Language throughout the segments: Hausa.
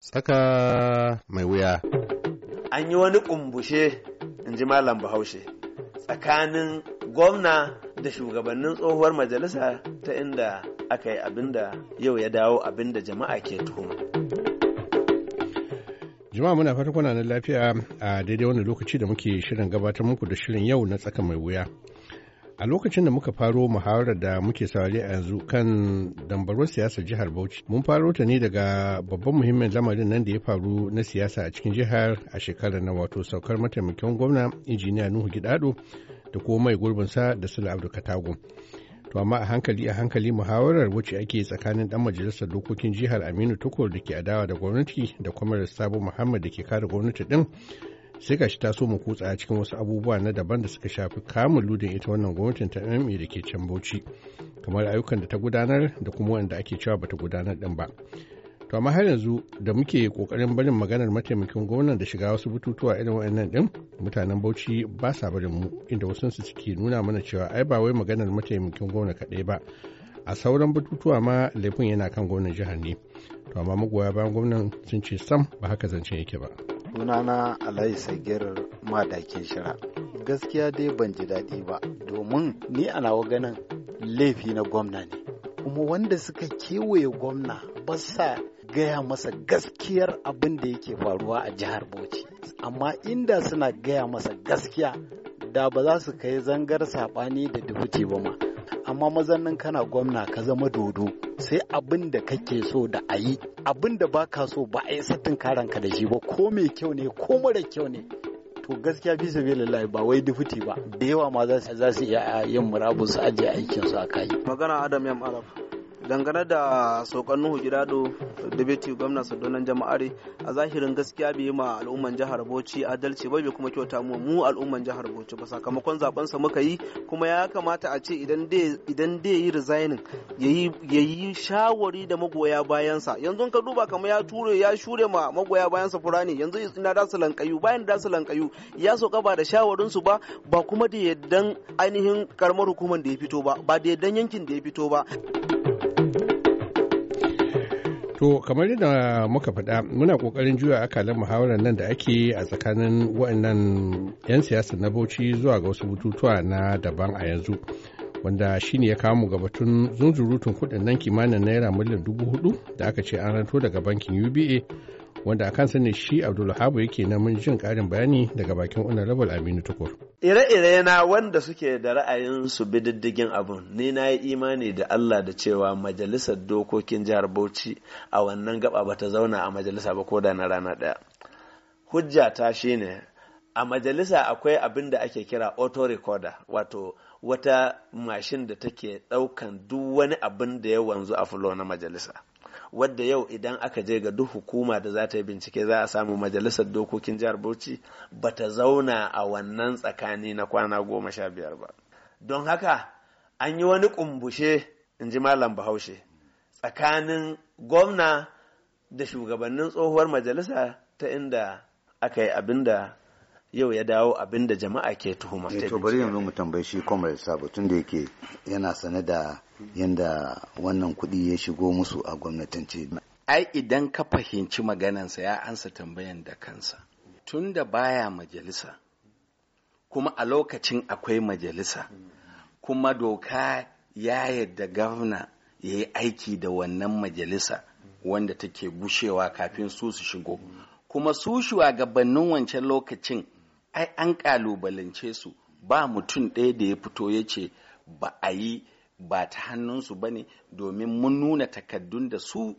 Tsaka mai wuya. An yi wani kumbushe in ji Malam Bahaushe tsakanin gwamna da shugabannin tsohuwar majalisa ta inda aka yi abinda yau ya dawo abinda jama'a ke tuhuma. Jama'a muna fata kuna lafiya a daidai wani lokaci da muke shirin gabatar muku da shirin yau na tsaka mai wuya. a lokacin da muka faro muhawarar da muke saurari a yanzu kan dambarwar siyasar jihar bauchi mun faro ta ne daga babban muhimmin lamarin nan da ya faru na siyasa a cikin jihar a shekarar na wato saukar mataimakin gwamna injiniya nuhu gidado da kuma mai gurbinsa da sula abdu katago to amma a hankali a hankali muhawarar wacce ake tsakanin dan majalisar dokokin jihar aminu tukur da ke adawa da gwamnati da kwamar sabo muhammad da ke kare gwamnati din sai gashi ta so mu kutsa a cikin wasu abubuwa na daban da suka shafi kamun ludin ita wannan gwamnatin ta MMA e da ke can Bauchi kamar ayyukan da ta gudanar da kuma wanda ake cewa bata gudanar din ba to amma har yanzu da muke kokarin barin maganar mataimakin gwamnan da shiga wasu bututuwa irin wannan din mutanen Bauchi ba sa barin mu inda wasu su suke nuna mana cewa ai ba wai maganar mataimakin gwamna kaɗai ba a sauran bututuwa ma laifin yana kan gwamnan jihar ne to amma magoya bayan gwamnan sun ce sam ba haka zancen yake ba sunana alayi sagir madakin shira gaskiya dai ban ji daɗi ba domin ni a nawa ganin laifi na gwamna ne kuma wanda suka kewaye gwamna ba sa gaya masa gaskiyar abin da yake faruwa a jihar bauchi amma inda suna gaya masa gaskiya da ba za su kai zangar saɓani da dubuce ba ma amma mazannin kana gwamna ka zama dodo sai abin da kake so da a yi abin da ba ka so ba a yi sattin ka da shi ba ko mai kyau ne ko mara kyau ne to gaskiya bi sabi lallai ba wai dufuti ba da yawa ma za su iya yin murabus ajiye aikinsu a kai magana adam yam arab dangane da saukan nuhu gidado dabiti gwamna sadonan jama'are a zahirin gaskiya bai ma al'umman jihar bauchi adalci ba bai kuma kyauta mu mu al'umman jihar bauchi ba sakamakon zaben sa muka yi kuma ya kamata a ce idan dai yi resigning yayi shawari da magoya bayansa yanzu ka duba kamar ya ture ya shure ma magoya bayansa furani yanzu ina da su lankayu bayan da su lankayu ya soka ba da shawarin su ba ba kuma da yaddan ainihin karamar hukumar da ya fito ba ba da yaddan yankin da ya fito ba To kamar yadda muka faɗa muna ƙoƙarin juya akalan muhawarar nan da ake a tsakanin waɗannan 'yan siyasa na Bauchi zuwa ga wasu bututuwa na daban a yanzu. Wanda shi ne ya mu ga batun zunzurutun kuɗin nan kimanin naira miliyan dubu hudu da aka ce an ranto daga bankin UBA wanda a kansa ne shi Habu yake namun jin karin bayani daga bakin honorable aminu tukur ire-ire na wanda suke da ra'ayin su bi diddigin abun ni na yi imani da allah da cewa majalisar dokokin jihar bauchi a wannan gaba ba ta zauna a majalisa ba ko da na rana ɗaya hujja ta shine a majalisa akwai abin da ake kira auto recorder wato wata mashin da take ɗaukan duk wani abin da ya wanzu a fulo na majalisa wadda yau idan aka je ga duk hukuma da za ta yi bincike za a samu majalisar dokokin jihar Bauchi ba ta zauna a wannan tsakani na kwana goma sha biyar ba. Don haka an yi wani kumbushe in ji malam bahaushe tsakanin gwamna da shugabannin tsohuwar majalisa ta inda aka yi abin da yau ya dawo abin da jama'a ke tuhuma eh, to bari yanzu mu tambayi shi comrade sabo da yake yana sane da yanda wannan kuɗi ya shigo musu a gwamnatin gwamnatance ai idan ka fahimci maganansa ya ansa tambayan da kansa tun da baya majalisa kuma a lokacin akwai majalisa kuma doka ya yadda gwamna ya yi aiki da wannan majalisa wanda take bushewa kafin su su shigo kuma su shugabannin wancan lokacin ai an kalubalance su ba mutum ɗaya da ya fito ya ce ba a yi ba ta hannunsu ba ne domin mun nuna takaddun da su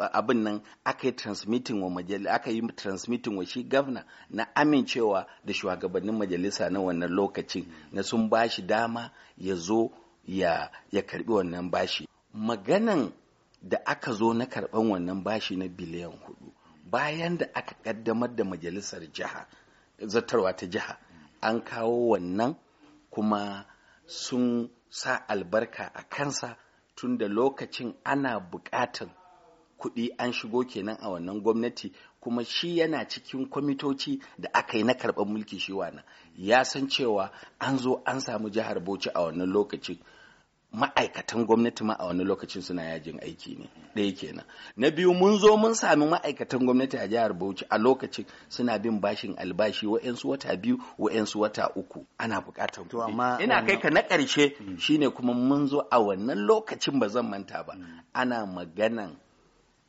abin nan aka yi transmitting wa majalisa aka yi transmitting wa shi gavna na amincewa da shugabannin majalisa na wannan lokacin na sun bashi dama ya zo ya, ya karbi wannan bashi maganan da aka zo na karban wannan bashi na biliyan hudu bayan da aka kaddamar da majalisar jiha zartarwa ta jiha an kawo wannan kuma sun sa albarka a kansa tun da lokacin ana buƙatan kuɗi an shigo kenan a wannan gwamnati kuma shi yana cikin kwamitoci da aka yi na karɓar mulki shi wana ya san cewa an zo an samu jihar bauchi a wannan lokacin ma'aikatan gwamnati ma a wani lokacin suna yajin aiki ne ɗaya kenan na biyu mun zo mun sami ma'aikatan gwamnati a jihar bauchi a lokacin suna bin bashin albashi wa'yansu wata biyu wa'yansu wata uku ana buƙatar to amma ina kai ka na ƙarshe mm. shine kuma mun zo a wannan lokacin ba zan manta ba mm. ana maganan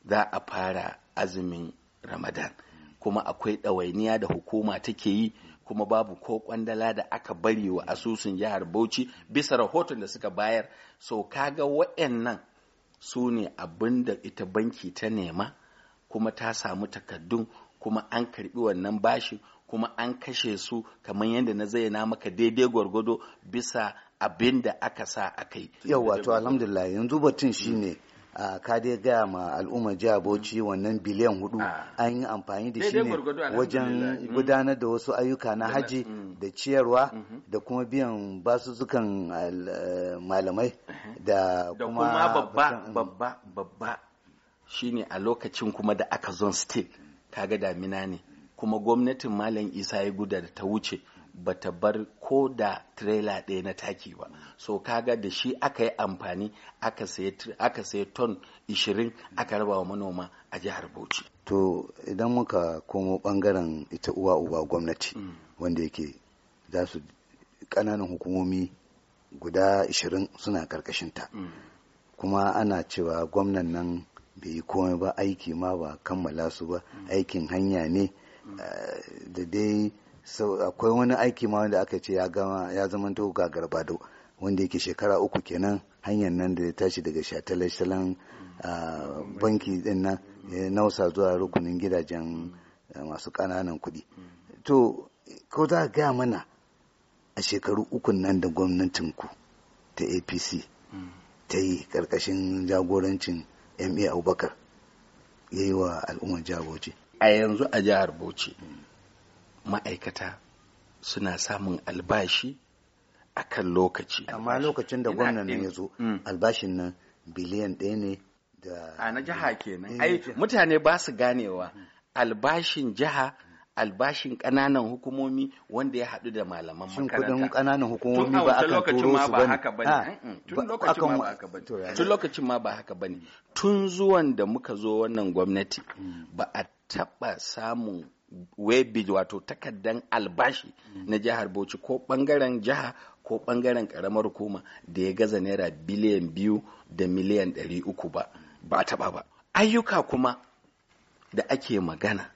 za a fara azumin ramadan kuma akwai ɗawainiya da hukuma take yi kuma babu ko kwandala da aka bari wa asusun jihar Bauchi bisa rahoton da suka bayar so kaga waɗannan su ne abin da ita banki ta nema kuma ta samu takaddun kuma an karbi wannan bashi kuma an kashe su kamar yadda na zayyana maka daidai gwargwado bisa abin da aka sa a kai. yau wato alhamdulillah yanzu batun shine ka dai gaya ma al'ummar jihar Bauchi wannan biliyan hudu ah. an yi amfani da shi ne wajen mm. gudanar da wasu ayyuka na haji mm. da ciyarwa mm-hmm. da kuma biyan basussukan eh, malamai mm-hmm. da kuma babba babba babba shine a lokacin kuma da aka zon state kaga damina ne kuma gwamnatin malam isa ya guda da ta wuce bata bar ko da trailer ɗaya na taki ba so kaga da shi aka yi amfani aka sayi ton 20 aka raba wa manoma a jihar bauchi to idan muka komo bangaren ita uwa uba gwamnati mm. wanda yake za su ƙananan hukumomi guda 20 suna ƙarƙashinta ta mm. kuma ana cewa gwamnan nan bai yi komai ba aiki ma ba kammala su ba mm. aikin hanya ne eh, da dai akwai wani aiki ma wanda aka ce ya gama ya zama to garbado wanda yake shekara uku kenan hanyar nan da ya tashi daga shatalashalan ah, banki din nan ya nausa zuwa rukunin gidajen eh, masu kananan kuɗi to ko za gaya mana a shekaru uku nan da gwamnatinku ta apc ta yi ƙarƙashin jagorancin ma abubakar ya yi wa al'ummar jihar bauchi a yanzu a jihar bauchi ma'aikata suna samun albashi a kan lokaci amma lokacin da gwamnan ya zo mm. albashin nan biliyan ɗaya ne da a na jiha kenan ai mutane ba su ganewa mm. albashin jiha albashin ƙananan hukumomi wanda ya haɗu da malaman makaranta. Shin kuɗin ƙananan hukumomi ba aka turo su bane. Tun lokacin ma ba haka bane. Tun ba ne. Tun zuwan da muka zo wannan gwamnati mm. ba a taɓa samun webbage wato takardan albashi na jihar bauchi ko bangaren jiha ko bangaren karamar hukuma da ya gaza naira biliyan biyu da miliyan ɗari uku ba ba taɓa ba ayyuka kuma da ake magana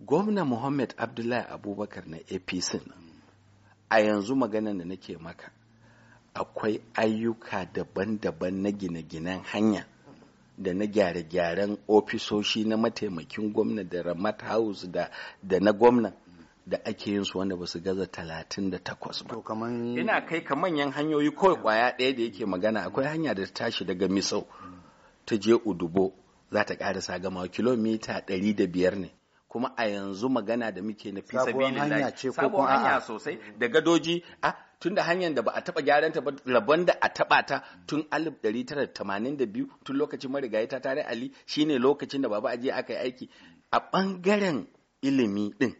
gwamna muhammad abdullahi abubakar na apc a yanzu magana da nake maka akwai ayyuka daban-daban na gine-ginen hanya da na gyare-gyaren ofisoshi na mataimakin gwamna da ramat house da na gwamna da ake yin su wanda ba su gaza talatin da takwas ba. Ina kai ka manyan hanyoyi kawai kwaya ɗaya da yake magana akwai hanya da ta tashi daga Misau ta je Udubo za ta ƙarasa gama kilomita ɗari da biyar ne. Kuma a yanzu magana da muke na fi sabilin hanya sosai da gadoji a tun da hanyar da ba a taba gyaran ta ba rabon da a taɓa ta tun 1982 tun lokacin marigayi ta tare ali shine lokacin da baba aje aka yi aiki a ɓangaren ilimi ɗin,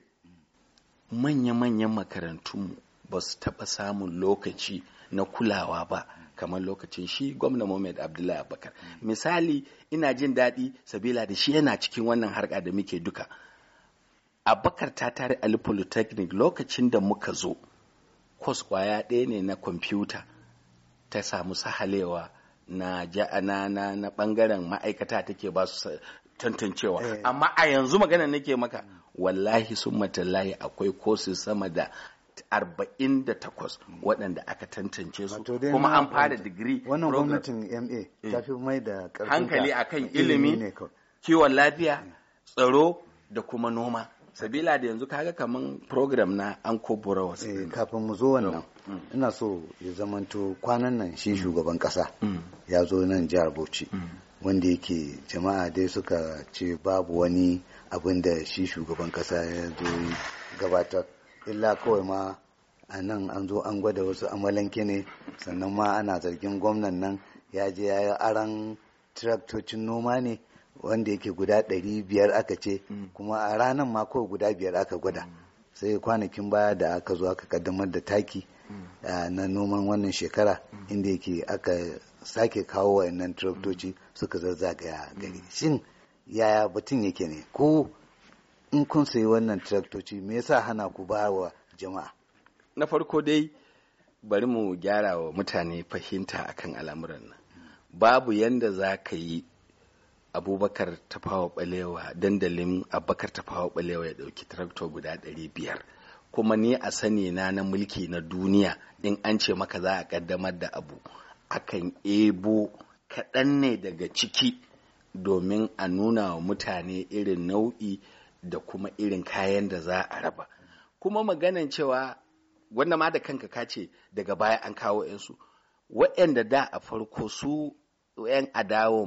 manya-manyan makarantunmu ba su taɓa samun lokaci na kulawa ba kamar lokacin shi gwamna Mohamed Abdullahi Abubakar misali ina jin daɗi sabila da shi yana cikin wannan harka da muke duka Abubakar ta tare Ali Polytechnic lokacin da muka zo kwas kwaya ɗaya ne na kwamfuta ta samu sahalewa na ja'ana na, na bangaren ma'aikata take ba su tantancewa eh. amma a yanzu magana nake maka wallahi sun matallahi akwai kosi sama da 48 waɗanda aka tantance su kuma an fara digiri wannan gwamnatin ma eh. ta fi mai da hankali akan ilimi kiwon lafiya eh. tsaro da kuma noma sabila da yanzu kaga kaman program na an kobura wasu kafin mu zo wannan mm. Mm. ina so ya zamanto kwanan nan shi mm. shugaban kasa ya zo nan jihar bauchi wanda yake jama'a dai suka ce babu wani abin da shi shugaban kasa ya zo gabatar illa kawai ma a nan an zo an gwada wasu amalanke ne sannan ma ana zargin gwamnan nan ya je ya yi aran traktocin noma ne wanda yake guda ɗari biyar aka ce mm. kuma a ranar mako guda biyar aka gwada mm. sai kwanakin baya da aka zo aka kaddamar da taki mm. na noman wannan shekara inda yake aka sake kawo wayannan traktoci suka zazzagaya gari shin yaya batun yake ne ko in kun sayi wannan traktoci me yasa hana ku ba wa jama'a na farko dai bari mu gyara wa mutane fahimta akan al'amuran nan babu yanda za ka yi abubakar tafawa balewa dandalin abubakar tafawa balewa ya dauki tarakto guda 500 kuma ni a sani na na mulki na duniya in an ce maka za a kaddamar da abu akan ebo kaɗan ne daga ciki domin a nuna wa mutane irin nau'i da kuma irin kayan da za a raba kuma maganan cewa wanda ma da kanka kace daga baya an kawo 'yansu waɗanda da a farko su 'yan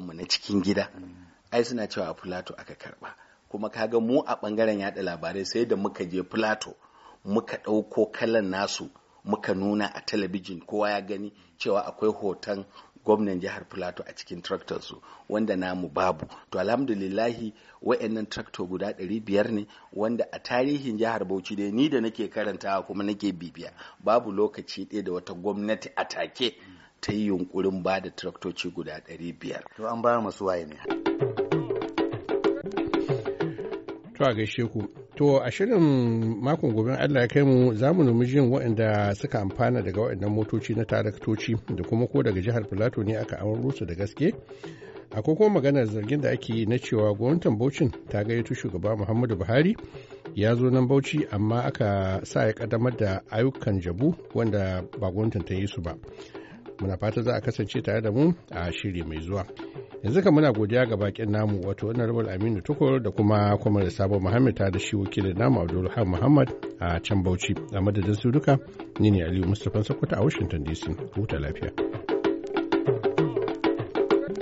mu na cikin gida ai suna cewa filato aka karba kuma kaga mu a bangaren yada labarai sai da muka je filato muka ɗauko kalan nasu muka nuna a talabijin kowa ya gani cewa akwai hoton gwamnan jihar filato a cikin su wanda namu babu to alhamdulillahi wa'annan tractor guda 500 ne wanda a tarihin jihar bauchi dai ni da nake karantawa kuma nake bibiya babu lokaci ɗaya da wata gwamnati a take ta yi yunkurin ba da traktoci guda 500 to an ba masu waye ne to a gaishe ku to a shirin makon gobe Allah ya kai mu za mu nemi jin waɗanda suka amfana daga waɗannan motoci na taraktoci da kuma ko daga jihar Filato ne aka auro su da gaske akwai kuma maganar zargin da ake na cewa gwamnatin Bauchin ta gayyato shugaba Muhammadu Buhari ya zo nan Bauchi amma aka sa ya kaddamar da ayyukan jabu wanda ba gwamnatin ta yi su ba muna fata za a kasance tare da mu a shiri mai zuwa yanzu ka muna godiya ga bakin namu wato rabar aminu tukur da kuma kuma da sabo muhammad ta da shi wakilin namu abdulhamid muhammad a can bauchi a madadin su duka ni ne aliyu mustapha sokoto a washington dc huta lafiya